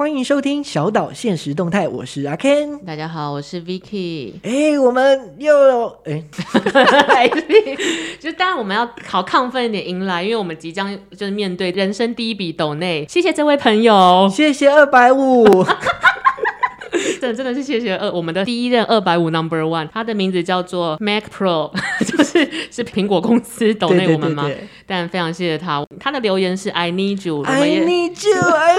歡迎收聽小島限時動態，我是阿 Ken，大家好，我是 Vicky，哎，我們又有哎，誒 就當然我們要好亢奮一點，迎來，因為我們即將就是面對人生第一筆抖內，謝謝這位朋友，謝謝二百五。 真的真的是謝謝二，我們的第一任二百五 Number One，他的名字叫做 Mac Pro，就是是蘋果公司斗內我們嗎？對對對對，但非常謝謝他，他的留言是 I need you，I need you，I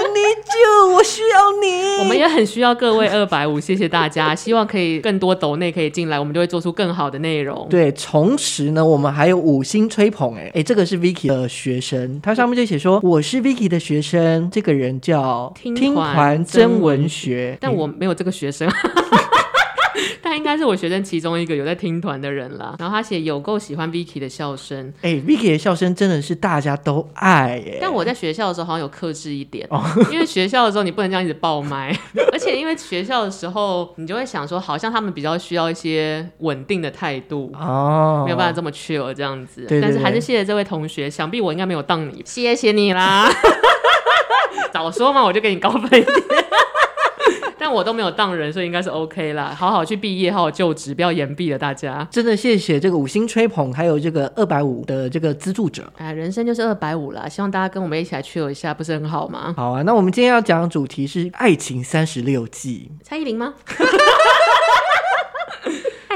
need you，I need you，我需要你，我們也很需要各位二百五，謝謝大家，希望可以更多斗內可以進來，我們就會做出更好的內容。對，同時呢，我們還有五星吹捧、欸，哎、欸、哎，這個是 Vicky 的學生，他上面就寫說，我是 Vicky 的學生，這個人叫聽团真文學，但我沒有這個。學生，但應該是我學生其中一個有在聽團的人啦。然後他寫有夠喜歡 Vicky 的笑聲，哎，Vicky 的笑聲真的是大家都愛耶。但我在學校的時候好像有克制一點，因為學校的時候你不能這樣一直爆麥，而且因為學校的時候你就會想說，好像他們比較需要一些穩定的態度哦，沒有辦法這麼 chill 這樣子。但是還是謝謝這位同學，想必我應該沒有當你，謝謝你啦。 早說嘛，我就給你高分一點。 但我都沒有當人，所以應該是 OK 啦。好好去畢業，好好就職，不要延畢了。大家真的謝謝這個五星吹捧，還有這個二百五的這個資助者。哎，人生就是二百五啦，希望大家跟我們一起來去我一下，不是很好嗎？好啊，那我們今天要講的主題是愛情三十六計。蔡依林嗎？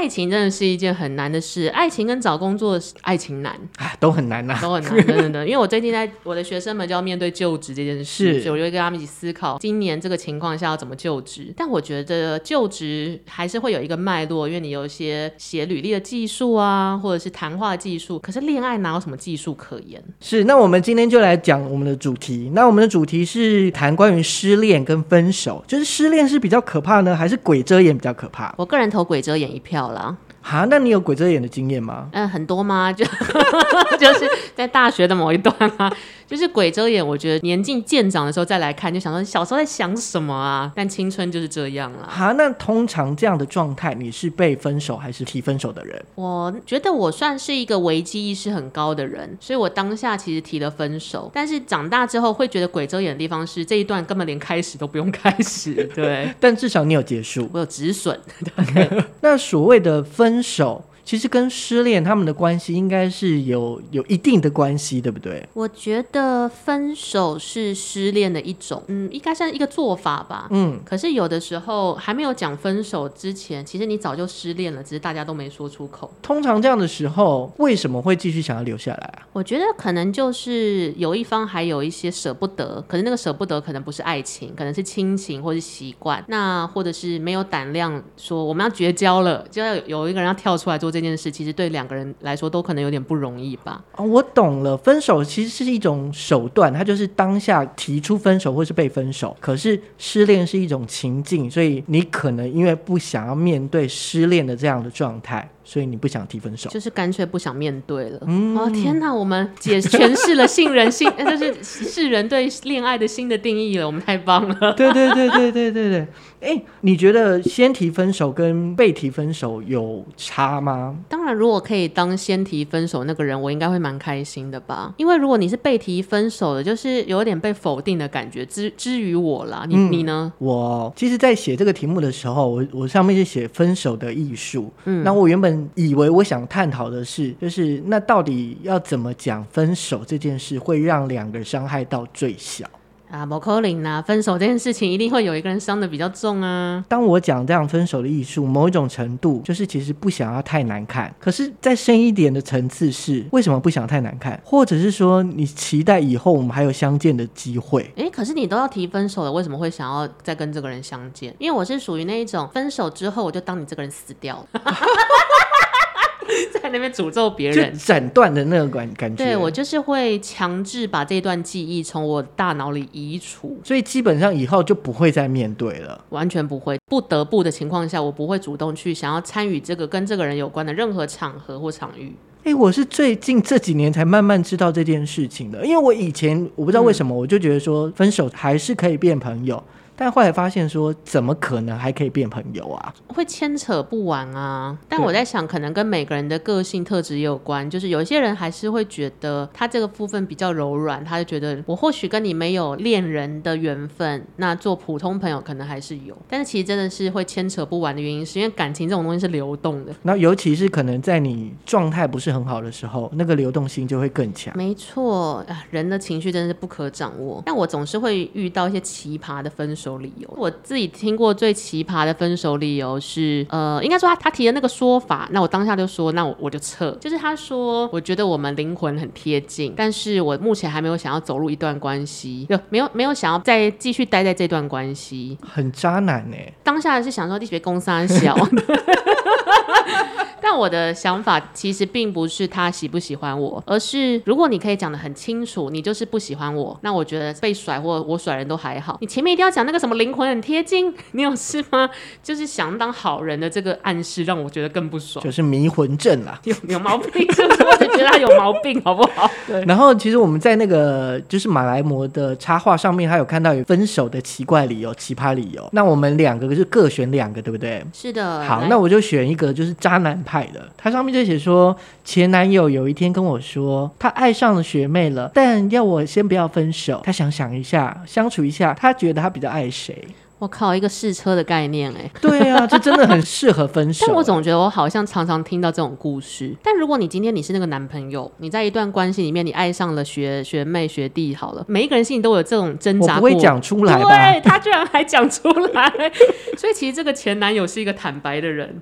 愛情真的是一件很難的事，愛情跟找工作，愛情難，啊，都很難啊，都很難，真 的。因為我最近在我的學生們就要面對就職這件事，是，我就會跟他們一起思考，今年這個情況下要怎麼就職。但我覺得就職還是會有一個脈絡，因為你有一些寫履歷的技術啊，或者是談話技術。可是戀愛哪有什麼技術可言？是，那我們今天就來講我們的主題。那我們的主題是談關於失戀跟分手，就是失戀是比較可怕呢，還是鬼遮眼比較可怕？我個人投鬼遮眼一票了。啊，哈，那你有鬼遮眼的經驗嗎？嗯，很多嗎？就 就是在大學的某一段啊。就是鬼遮眼，我覺得年紀漸長的時候再來看，就想說小時候在想什麼啊？但青春就是這樣了、啊。哈，那通常這樣的狀態，你是被分手還是提分手的人？我覺得我算是一個危機意識很高的人，所以我當下其實提了分手。但是長大之後會覺得鬼遮眼的地方是這一段根本連開始都不用開始，對。 但至少你有結束，我有止損。 Okay . 那所謂的分手。其實跟失戀他們的關係應該是有有一定的關係，對不對？我覺得分手是失戀的一種，嗯，應該算一個做法吧。嗯，可是有的時候還沒有講分手之前，其實你早就失戀了，只是大家都沒說出口。通常這樣的時候，為什麼會繼續想要留下來啊？我覺得可能就是有一方還有一些捨不得，可是那個捨不得可能不是愛情，可能是親情或是習慣，那或者是沒有膽量說我們要絕交了，就要有一個人要跳出來做。這件事其實對兩個人來說都可能有點不容易吧。哦，我懂了，分手其實是一種手段，它就是當下提出分手或是被分手。可是失戀是一種情境，所以你可能因為不想要面對失戀的這樣的狀態，所以你不想提分手，就是乾脆不想面對了。嗯、哦，天哪！我們解詮釋了新人性，就 是世人對戀愛的新的定義了。我們太棒了！對對對對對對對。哎， 你覺得先提分手跟被提分手有差嗎？當然，如果可以當先提分手那個人，我應該會蠻開心的吧？因為如果你是被提分手的，就是有點被否定的感覺，之之於我啦，你、嗯、你呢？我其實，在寫這個題目的時候，我我上面是寫分手的藝術。嗯，那我原本以為我想探討的是，就是那到底要怎麼講分手這件事，會讓兩個傷害到最小？啊，摩可林啊，分手這件事情一定會有一個人傷得比較重啊。當我講這樣分手的藝術，某一種程度就是其實不想要太難看，可是再深一點的層次是為什麼不想太難看，或者是說你期待以後我們還有相見的機會？哎、欸，可是你都要提分手了，為什麼會想要再跟這個人相見？因為我是屬於那一種分手之後我就當你這個人死掉了。 在那邊詛咒別人，就斬斷的那個感感覺。對我就是會強制把這段記憶從我大腦裡移除，所以基本上以後就不會再面對了，完全不會。不得不的情況下，我不會主動去想要參與這個跟這個人有關的任何場合或場域。哎、欸，我是最近這幾年才慢慢知道這件事情的，因為我以前我不知道為什麼、嗯，我就覺得說分手還是可以變朋友。但後來發現說，怎麼可能還可以變朋友啊？會牽扯不完啊！但我在想，可能跟每個人的個性特質有關。就是有一些人還是會覺得他這個部分比較柔軟，他就覺得我或許跟你沒有戀人的緣分，那做普通朋友可能還是有。但是其實真的是會牽扯不完的原因，是因為感情這種東西是流動的。那尤其是可能在你狀態不是很好的時候，那個流動性就會更強。沒錯啊，人的情緒真的是不可掌握。但我總是會遇到一些奇葩的分手。分手理由，我自己聽過最奇葩的分手理由是，呃，應該說他他提的那個說法，那我當下就說，那我我就撤，就是他說，我覺得我們靈魂很貼近，但是我目前還沒有想要走入一段關係，沒有沒有想要再繼續待在這段關係，很渣男呢、欸。當下是想說你是講三小。 但我的想法其實並不是他喜不喜歡我，而是如果你可以講得很清楚，你就是不喜歡我，那我覺得被甩或我甩人都還好。你前面一定要講那個什麼靈魂很貼近，你有事嗎？就是想當好人的這個暗示，讓我覺得更不爽。就是迷魂陣啊，有有毛病，就 是？我覺得他有毛病， 好不好？對。然後其實我們在那個就是馬來貘的插畫上面，還有看到有分手的奇怪理由、奇葩理由。那我們兩個就各選兩個，對不對？是的。好，那我就選一個，就是渣男牌。的，他上面就寫說，前男友有一天跟我說，他愛上了學妹了，但要我先不要分手，他想想一下，相處一下，他覺得他比較愛誰。我靠，一個試車的概念哎、欸，對啊，這真的很適合分手。 但我總覺得我好像常常聽到這種故事。但如果你今天你是那個男朋友，你在一段關係裡面，你愛上了學學妹學弟，好了，每一個人心裡都有這種掙扎，我不會講出來吧，對，他居然還講出來， 所以其實這個前男友是一個坦白的人。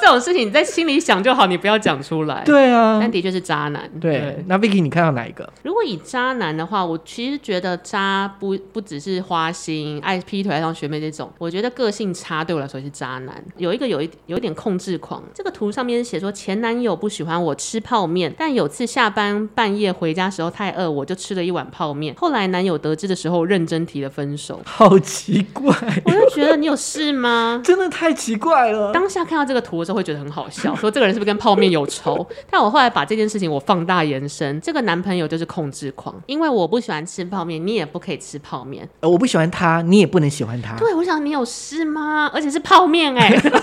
這種事情你在心裡想就好，你不要講出來。對啊，但的確是渣男對。對，那 Vicky，你看到哪一個？如果以渣男的話，我其實覺得渣不不只是花心、愛劈腿、愛上學妹這種，我覺得個性差對我來說也是渣男。有一個有一有一點控制狂。這個圖上面寫說前男友不喜歡我吃泡麵，但有次下班半夜回家時候太餓，我就吃了一碗泡麵。後來男友得知的時候，認真提了分手。好奇怪，我就覺得你有事嗎？ 真的太奇怪了。當下看到這個圖。都會覺得很好笑，說這個人是不是跟泡麵有仇？ 但我後來把這件事情我放大延伸，這個男朋友就是控制狂，因為我不喜歡吃泡麵，你也不可以吃泡麵。呃，我不喜歡他，你也不能喜歡他。對，我想你有事嗎？而且是泡麵欸，哎。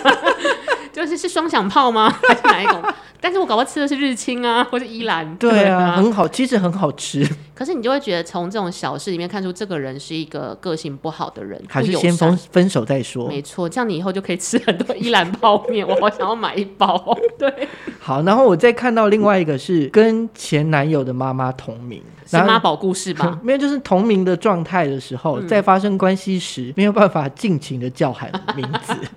就是是雙響炮嗎？還是哪一種？ 但是我搞到吃的是日清啊，或是依蘭。對啊、嗯、啊，很好，其實很好吃。可是你就會覺得從這種小事裡面看出，這個人是一個個性不好的人。還是先分分手再說。沒錯，這樣你以後就可以吃很多依蘭泡麵， 我好想要買一包。對，好。然後我再看到另外一個是跟前男友的媽媽同名，是媽寶故事吧。沒有就是同名的狀態的時候、嗯，在發生關係時沒有辦法盡情的叫喊名字。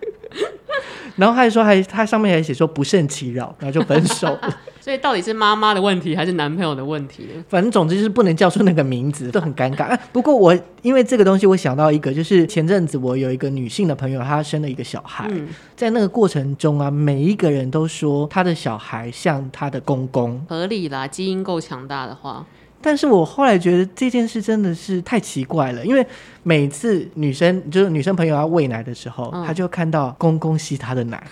然後他還說還他上面還寫說不勝其擾，然後就分手了。 所以到底是媽媽的問題還是男朋友的問題？反正總之就是不能叫出那個名字，都很尷尬。 不過我因為這個東西，我想到一個，就是前陣子我有一個女性的朋友，她生了一個小孩，嗯，在那個過程中啊，每一個人都說她的小孩像她的公公。合理啦，基因夠強大的話。但是我後來覺得這件事真的是太奇怪了，因為每次女生就是女生朋友要餵奶的時候、嗯，她就看到公公吸她的奶，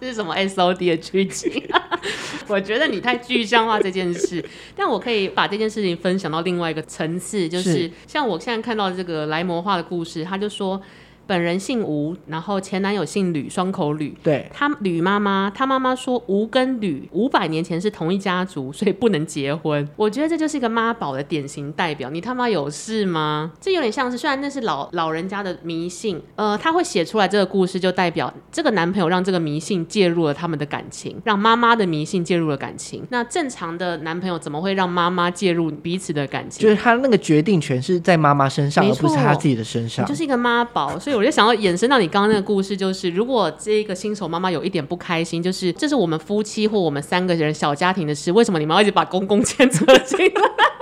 這 是什麼 SOD 的劇情？ 我覺得你太具象化這件事，但我可以把這件事情分享到另外一個層次，就是，是像我現在看到這個來魔化的故事，他就說。本人姓吳，然後前男友姓呂，雙口呂。對，他呂媽媽，他媽媽說吳跟呂五百年前是同一家族，所以不能結婚。我覺得這就是一個媽寶的典型代表。你他媽有事嗎？這有點像是，雖然那是老老人家的迷信，呃，他會寫出來這個故事，就代表這個男朋友讓這個迷信介入了他們的感情，讓媽媽的迷信介入了感情。那正常的男朋友怎麼會讓媽媽介入彼此的感情？就是他那個決定權是在媽媽身上，喔，而不是他自己的身上。就是一個媽寶，所以。我就想要衍生到你剛剛那個故事，就是如果這個新手媽媽有一點不開心，就是這是我們夫妻或我們三個人小家庭的事，為什麼你們要一直把公公牽扯進來？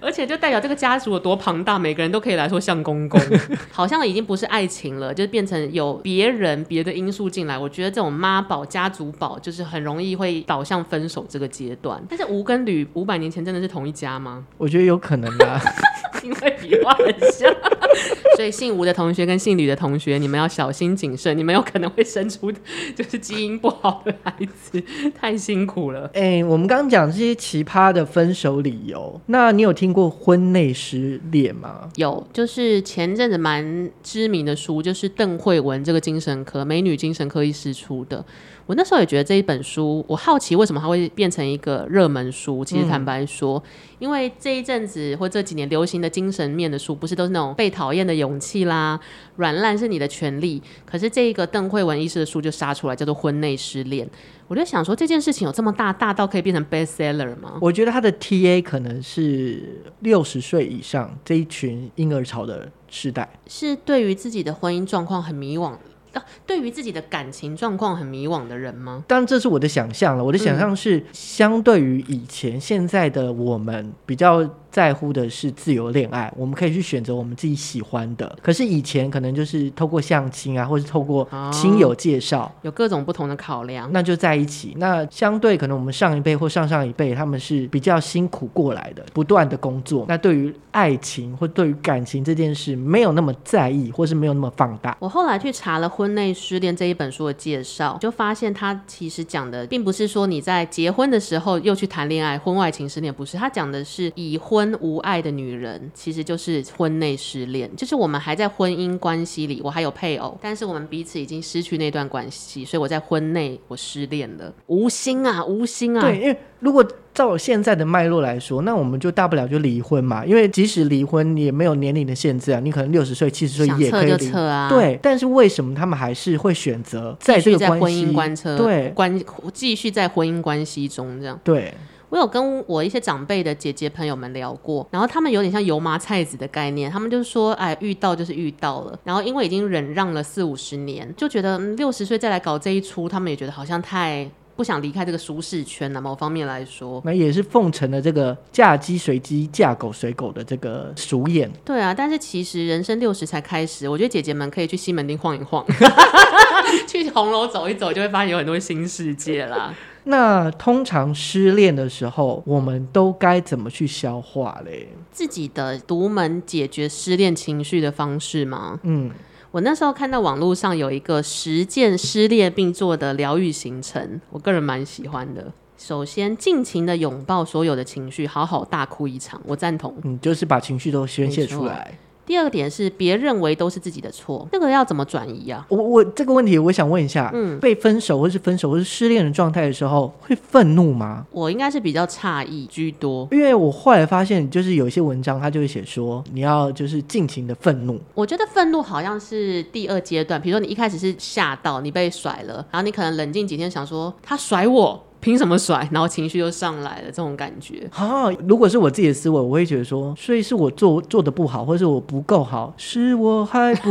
而且就代表這個家族有多龐大，每個人都可以來說像公公， 好像已經不是愛情了，就變成有別人別的因素進來。我覺得這種媽寶家族寶就是很容易會導向分手這個階段。但是吳跟呂五百年前真的是同一家嗎？我覺得有可能的，啊、 因為筆畫很像， 所以姓吳的同學跟姓呂，的同學，你們要小心謹慎， 你們有可能會生出就是基因不好的孩子，太辛苦了。誒、欸，我們剛剛講這些奇葩的分手理由，那你有聽過婚內失戀嗎？有，就是前陣子蠻知名的書，就是鄧惠文這個精神科美女精神科醫師出的。我那時候也覺得這一本書，我好奇為什麼它會變成一個熱門書。其實坦白說，嗯、因為這一陣子或這幾年流行的精神面的書，不是都是那種被討厭的勇氣啦、軟爛是你的權利，可是這一個鄧惠文醫師的書就殺出來，叫做《婚內失戀》。我就想說，這件事情有這麼大，大到可以變成 best seller 嗎？我覺得他的 TA 可能是六十歲以上這一群嬰兒潮的時代，是對於自己的婚姻狀況很迷惘啊、對於自己的感情狀況很迷惘的人嗎？當然，這是我的想象了。我的想象是，相對於以前，嗯、現在的我們，比較在乎的是自由戀愛，我們可以去選擇我們自己喜歡的。可是以前可能就是透過相親啊，或是透過親友介紹，哦、有各種不同的考量，那就在一起。那相對可能我們上一輩或上上一輩，他們是比較辛苦過來的，不斷的工作。那對於愛情或對於感情這件事，沒有那麼在意，或是沒有那麼放大。我後來去查了婚。婚內失戀這一本書的介紹，就發現他其實講的並不是說你在結婚的時候又去談戀愛、婚外情、失戀，不是他講的是已婚無愛的女人，其實就是婚內失戀，就是我們還在婚姻關係裡，我還有配偶，但是我們彼此已經失去那段關係，所以我在婚內我失戀了，無心啊，無心啊，對，因為如果。照我現在的脈絡來說，那我們就大不了就離婚嘛。因為即使離婚，也沒有年齡的限制啊。你可能六十歲、七十歲也可以離啊。對，但是為什麼他們還是會選擇在這個婚姻關係對關繼續在婚姻關係中這樣？對，我有跟我一些長輩的姐姐朋友們聊過，然後他們有點像油麻菜籽的概念，他們就說，哎，遇到就是遇到了，然後因為已經忍讓了四五十年，就覺得六十歲再來搞這一出，他們也覺得好像太。不想離開這個舒適圈，那某方面來說，那也是奉承了這個嫁雞隨雞、嫁狗隨狗的這個俗眼。對啊，但是其實人生六十才開始，我覺得姐姐們可以去西門町晃一晃， 去紅樓走一走，就會發現有很多新世界啦。 那通常失戀的時候，我們都該怎麼去消化嘞？自己的獨門解決失戀情緒的方式嗎？嗯。我那時候看到網絡上有一個實踐失戀並做的療癒行程，我個人蠻喜歡的。首先，盡情的擁抱所有的情緒，好好大哭一場，我贊同。你就是把情緒都宣洩出來。第二個點是別認為都是自己的錯，這個要怎麼轉移啊？我，我這個問題我想問一下，嗯，被分手或是分手或是失戀的狀態的時候，會憤怒嗎？我應該是比較詫異居多，因為我後來發現，就是有一些文章他就會寫說，你要就是盡情的憤怒。我覺得憤怒好像是第二階段，比如說你一開始是嚇到你被甩了，然後你可能冷靜幾天想說他甩我，憑什麼甩？然後情緒就上來了，這種感覺好、哦、如果是我自己的思維，我會覺得說，所以是我做做得不好，或者是我不夠好，是我還不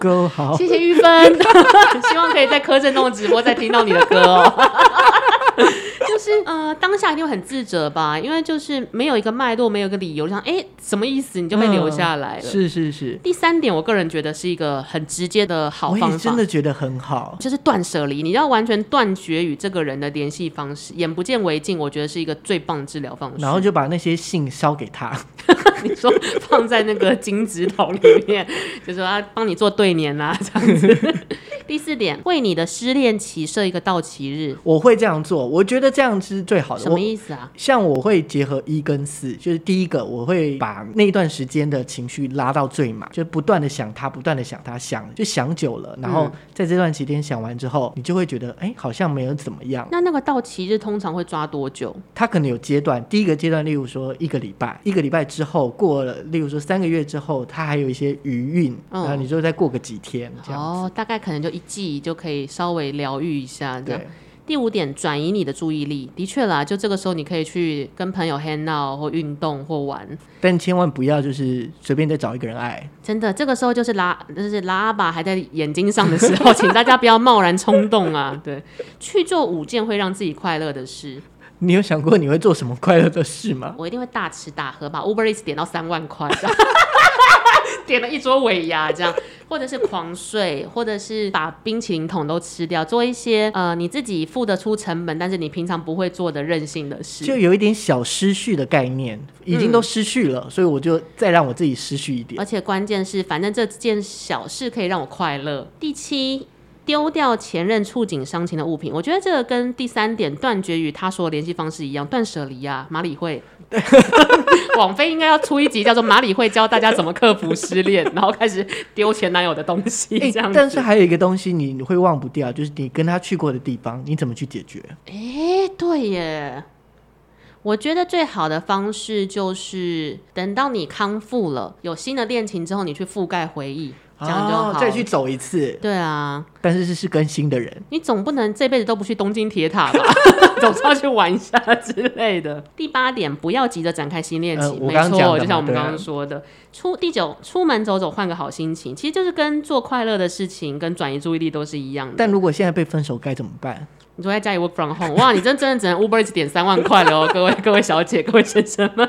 夠好。 謝謝玉芬， 希望可以在柯震東直播再聽到你的歌哦。 是呃，當下一定會很自責吧，因為就是沒有一個脈絡，沒有一個理由，像哎、欸，什麼意思？你就被留下來了、嗯。是是是。第三點，我個人覺得是一個很直接的好方式，我真的覺得很好，就是斷捨離，你要完全斷絕與這個人的聯繫方式，眼不見為淨，我覺得是一個最棒治療方式。然後就把那些信燒給他， 你說放在那個金紙桶裡面， 就說啊，幫你做對年啊，這樣子。 第四點，為你的失戀期設一個到期日，我會這樣做，我覺得這樣。是最好的什麼意思啊？像我會結合一跟四，就是第一個我會把那段時間的情緒拉到最滿，就是不斷的想他，不斷的想他，想就想久了，然後在這段期間想完之後，你就會覺得哎、欸，好像沒有怎麼樣。那那個到期日通常會抓多久？它可能有階段，第一個階段例如說一個禮拜，一個禮拜之後過了，例如說三個月之後，它還有一些餘韻、哦，然後你就再過個幾天這樣子。哦，大概可能就一季就可以稍微療癒一下這樣。對第五點，轉移你的注意力。的確啦，就這個時候，你可以去跟朋友 hand out，或運動，或玩。但千萬不要就是隨便再找一個人愛。真的，這個時候就是拉，就是拉巴還在眼睛上的時候， 請大家不要貿然衝動啊！對， 去做五件會讓自己快樂的事。你有想過你會做什麼快樂的事嗎？我一定會大吃大喝，把 Uber Eats 點到三萬塊。 點了一桌尾牙，這樣，或者是狂睡，或者是把冰淇淋桶都吃掉，做一些呃你自己付得出成本，但是你平常不會做的任性的事，就有一點小失序的概念，已經都失去了，嗯、所以我就再讓我自己失去一點。而且關鍵是，反正這件小事可以讓我快樂。第七，丟掉前任觸景傷情的物品，我覺得這個跟第三點斷絕與他說的聯繫方式一樣，斷舍離呀、啊，馬里會。 王菲網飛應該要出一集叫做《馬里會教大家怎麼克服失戀》，然後開始丟前男友的東西這樣、欸。但是還有一個東西你你會忘不掉，就是你跟他去過的地方，你怎麼去解決？哎、欸，對耶，我覺得最好的方式就是等到你康復了，有新的戀情之後，你去覆蓋回憶。然後、哦、再去走一次。對啊，但是這是跟新的人，你總不能這輩子都不去東京鐵塔吧？總是要去玩一下之類的。 第八點，不要急着展開新戀情、呃。沒錯，就像我們剛剛說的，啊、出第九，出門走走，換個好心情，其實就是跟做快樂的事情，跟轉移注意力都是一樣的。但如果現在被分手該怎麼辦？ 你說在家裡 work from home？哇，你真真的只能 Uber 一點三萬塊了哦， 各位 各位小姐各位先生們。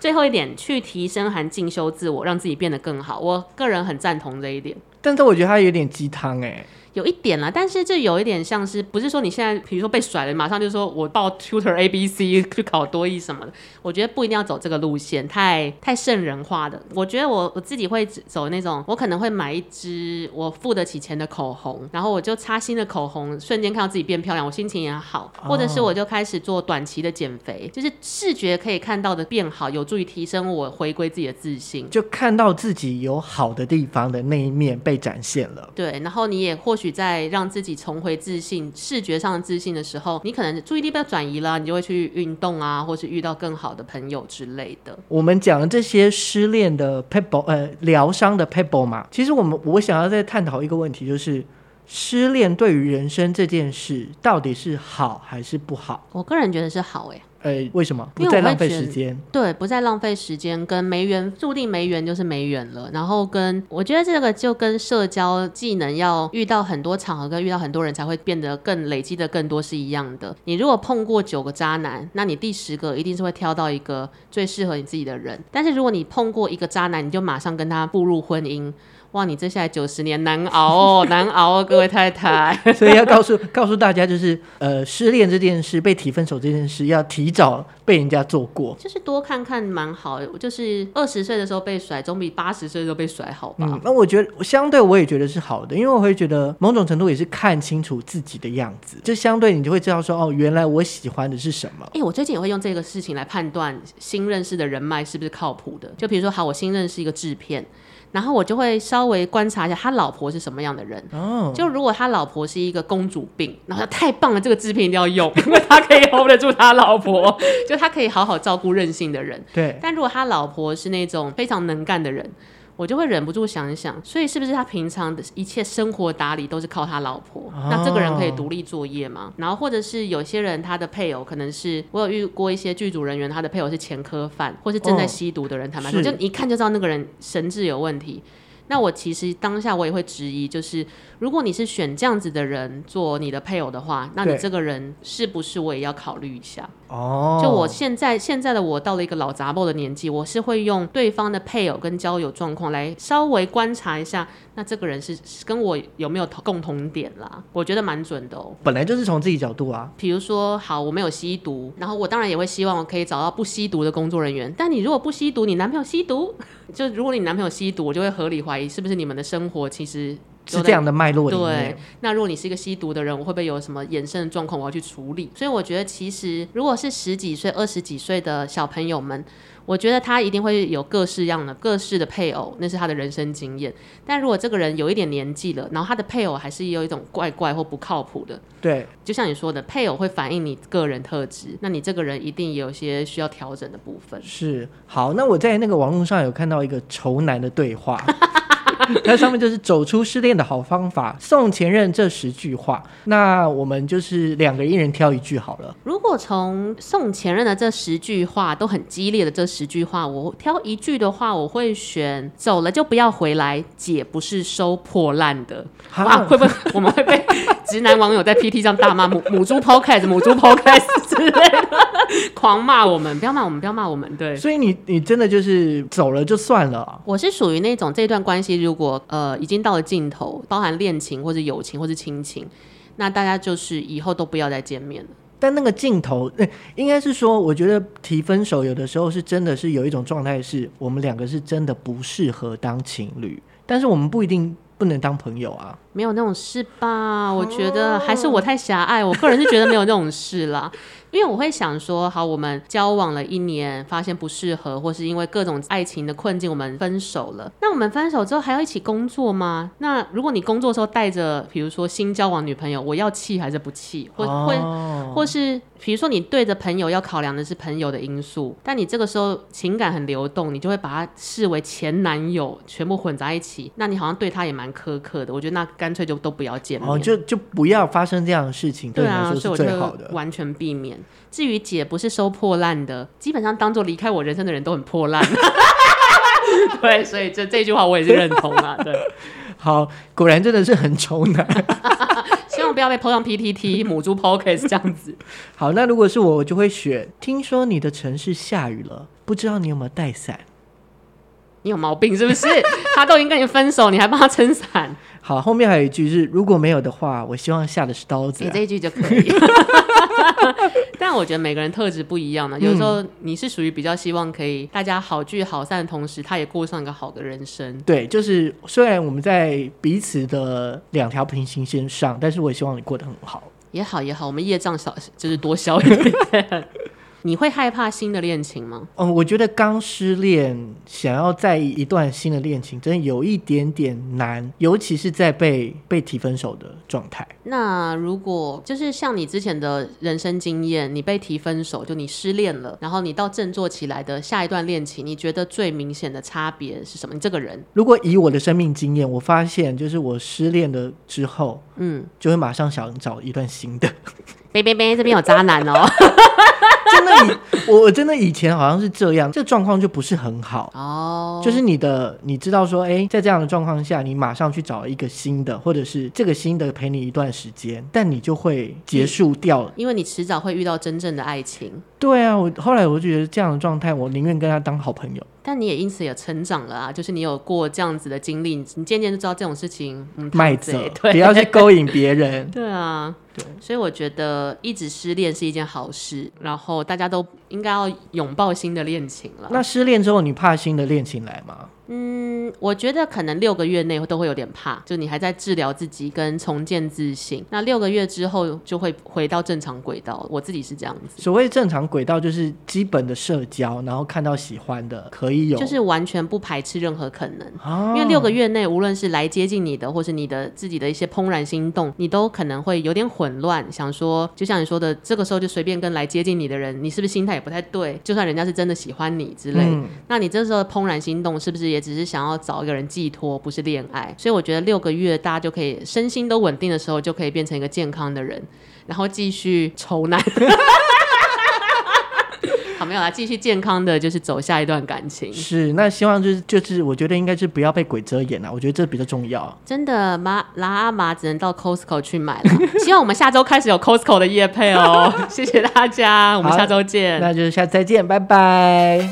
最後一點，去提升和進修自我，讓自己變得更好。我個人很贊同這一點，但是我覺得他有點雞湯誒。有一點啦，但是就有一點像是，不是說你現在比如說被甩了，馬上就說我報 Tutor ABC 去考多益什麼的，我覺得不一定要走這個路線，太太聖人化的。我覺得我我自己會走那種，我可能會買一支我付得起錢的口紅，然後我就擦新的口紅，瞬間看到自己變漂亮，我心情也好，或者是我就開始做短期的減肥，oh. 就是視覺可以看到的變好，有助於提升我回歸自己的自信，就看到自己有好的地方的那一面被展現了。對，然後你也或許。在讓自己重回自信、視覺上自信的時候，你可能注意力被轉移了，你就會去運動啊，或是遇到更好的朋友之類的。我們講了這些失戀的撇步，呃，療傷的撇步嘛。其實我們我想要再探討一個問題，就是失戀對於人生這件事到底是好還是不好？我個人覺得是好欸。呃、欸，為什麼不再浪費時間？對，不再浪費時間，跟沒緣注定沒緣就是沒緣了。然後跟我覺得這個就跟社交技能要遇到很多場合跟遇到很多人才會變得更累積的更多是一樣的。你如果碰過九個渣男，那你第十個一定是會挑到一個最適合你自己的人。但是如果你碰過一個渣男，你就馬上跟他步入婚姻。哇，你接下來九十年難熬哦、喔，難熬哦、喔， 各位太太。所以要告訴 告訴大家，就是呃，失戀這件事，被提分手這件事，要提早被人家做過，就是多看看蠻好。就是二十歲的時候被甩，總比八十歲的時候被甩好吧、嗯？那我覺得相對我也覺得是好的，因為我會覺得某種程度也是看清楚自己的樣子，就相對你就會知道說哦，原來我喜歡的是什麼。哎、欸，我最近也會用這個事情來判斷新認識的人脈是不是靠譜的。就比如說，好，我新認識一個製片。然後我就會稍微觀察一下他老婆是什麼樣的人。哦、oh.，就如果他老婆是一個公主病，然後，他太棒了，這個製片一定要用，因為他可以 hold 得住他老婆， 就他可以好好照顧任性的人。對，但如果他老婆是那種非常能幹的人。我就會忍不住想一想，所以是不是他平常的一切生活打理都是靠他老婆？Oh. 那這個人可以獨立作業嗎？然後或者是有些人他的配偶可能是，我有遇過一些劇組人員，他的配偶是前科犯，或是正在吸毒的人，他、oh. 們就一看就知道那個人神智有問題。那我其實當下我也會質疑，就是如果你是選這樣子的人做你的配偶的話，那你這個人是不是我也要考慮一下？哦、oh.，就我現在現在的我到了一個老雜貨的年紀，我是會用對方的配偶跟交友狀況來稍微觀察一下，那這個人是跟我有沒有同共同點啦？我覺得蠻準的哦。本來就是從自己角度啊，比如說好，我沒有吸毒，然後我當然也會希望我可以找到不吸毒的工作人員。但你如果不吸毒，你男朋友吸毒， 就如果你男朋友吸毒，我就會合理懷疑是不是你們的生活其實。是這樣的脈絡，對。那如果你是一個吸毒的人，我會不會有什麼衍生的狀況？我要去處理。所以我覺得，其實如果是十幾歲、二十幾歲的小朋友們，我覺得他一定會有各式樣的、各式的配偶，那是他的人生經驗。但如果這個人有一點年紀了，然後他的配偶還是有一種怪怪或不靠譜的，對。就像你說的，配偶會反映你個人特質，那你這個人一定有些需要調整的部分。是。好，那我在那個網絡上有看到一個仇男的對話。 那 上面就是走出失戀的好方法，送前任這十句話。那我們就是兩個一人挑一句好了。如果從送前任的這十句話都很激烈的這十句話，我挑一句的話，我會選“走了就不要回來”，姐不是收破爛的啊，會不會 我們會被？ 直男網友在 PT 上大罵母母豬 Podcast 母豬 Podcast 之類的，狂罵我們，不要罵我們，不要罵我們。對，所以你你真的就是走了就算了，啊。我是屬於那種這段關係如果呃已經到了盡頭，包含戀情或者友情或者親情，那大家就是以後都不要再見面了。但那個盡頭，應該是說，我覺得提分手有的時候是真的是有一種狀態，是我們兩個是真的不適合當情侶，但是我們不一定。不能當朋友啊，沒有那種事吧。哦？我覺得還是我太狹隘，我個人是覺得沒有那種事啦。 因為我會想說，好，我們交往了一年，發現不適合，或是因為各種愛情的困境，我們分手了。那我們分手之後還要一起工作嗎？那如果你工作的時候帶着，比如說新交往女朋友，我要氣還是不氣？或會，或是比如說你對着朋友要考量的是朋友的因素，但你這個時候情感很流動，你就會把他視為前男友，全部混在一起。那你好像對他也蠻苛刻的。我覺得那乾脆就都不要見面，哦、就就不要發生這樣的事情，對啊，是最好的，啊、完全避免。至於姐不是收破爛的，基本上當做離開我人生的人都很破爛。 對，所以這這句話我也是認同啊。對， 好，果然真的是很醜男。 希望不要被潑上 PTT 母豬 Podcast 這樣子。 好，那如果是我，我就會選。聽說你的城市下雨了，不知道你有沒有帶傘？你有毛病是不是？他都已經跟你分手，你還幫他撐傘？ 好，後面還有一句是，如果沒有的話，我希望下的是刀子、啊。你、欸、這一句就可以。 但我覺得每個人特質不一樣嘛、嗯，有時候你是屬於比較希望可以大家好聚好散的同時，他也過上一個好的人生。對，就是雖然我們在彼此的兩條平行線上，但是我也希望你過得很好。也好也好，我們業障少，就是多消一點。 你會害怕新的戀情嗎？嗯，我覺得剛失戀，想要在意一段新的戀情，真的有一點點難，尤其是在被被提分手的狀態。那如果就是像你之前的人生經驗，你被提分手，就你失戀了，然後你到振作起來的下一段戀情，你覺得最明顯的差別是什麼？你這個人，如果以我的生命經驗，我發現就是我失戀了之後，嗯，就會馬上想找一段新的。別別別，這邊有渣男哦。 真的，你我真的以前好像是這樣，這個狀況就不是很好哦。Oh. 就是你的，你知道說，哎、欸，在這樣的狀況下，你馬上去找一個新的，或者是這個新的陪你一段時間，但你就會結束掉了，因為你遲早會遇到真正的愛情。對啊，我後來我就覺得這樣的狀態，我寧願跟他當好朋友。但你也因此也成長了啊，就是你有過這樣子的經歷，你漸漸就知道這種事情，嗯，麥子，不要去勾引別人。 對啊，對，所以我覺得一直失戀是一件好事，然後大家都應該要擁抱新的戀情了。那失戀之後，你怕新的戀情來嗎？嗯，我覺得可能六個月內都會有點怕，就你還在治療自己跟重建自信。那六個月之後就會回到正常軌道，我自己是這樣子。所謂正常軌道就是基本的社交，然後看到喜歡的可以有，就是完全不排斥任何可能、哦、因為六個月內，無論是來接近你的，或是你的自己的一些怦然心動，你都可能會有點混亂，想說，就像你說的，這個時候就隨便跟來接近你的人，你是不是心態也不太對？就算人家是真的喜歡你之類，嗯、那你這時候的怦然心動是不是也？只是想要找一個人寄託，不是戀愛，所以我覺得六個月大家就可以身心都穩定的時候，就可以變成一個健康的人，然後繼續仇男。好，沒有啦，繼續健康的就是走下一段感情。是，那希望就是就是，我覺得應該是不要被鬼遮眼啊，我覺得這比較重要。真的，媽拉阿媽只能到 Costco 去買了。 希望我們下周開始有 Costco 的業配哦、喔，謝謝大家，我們下周見，那就是下次再見，拜拜。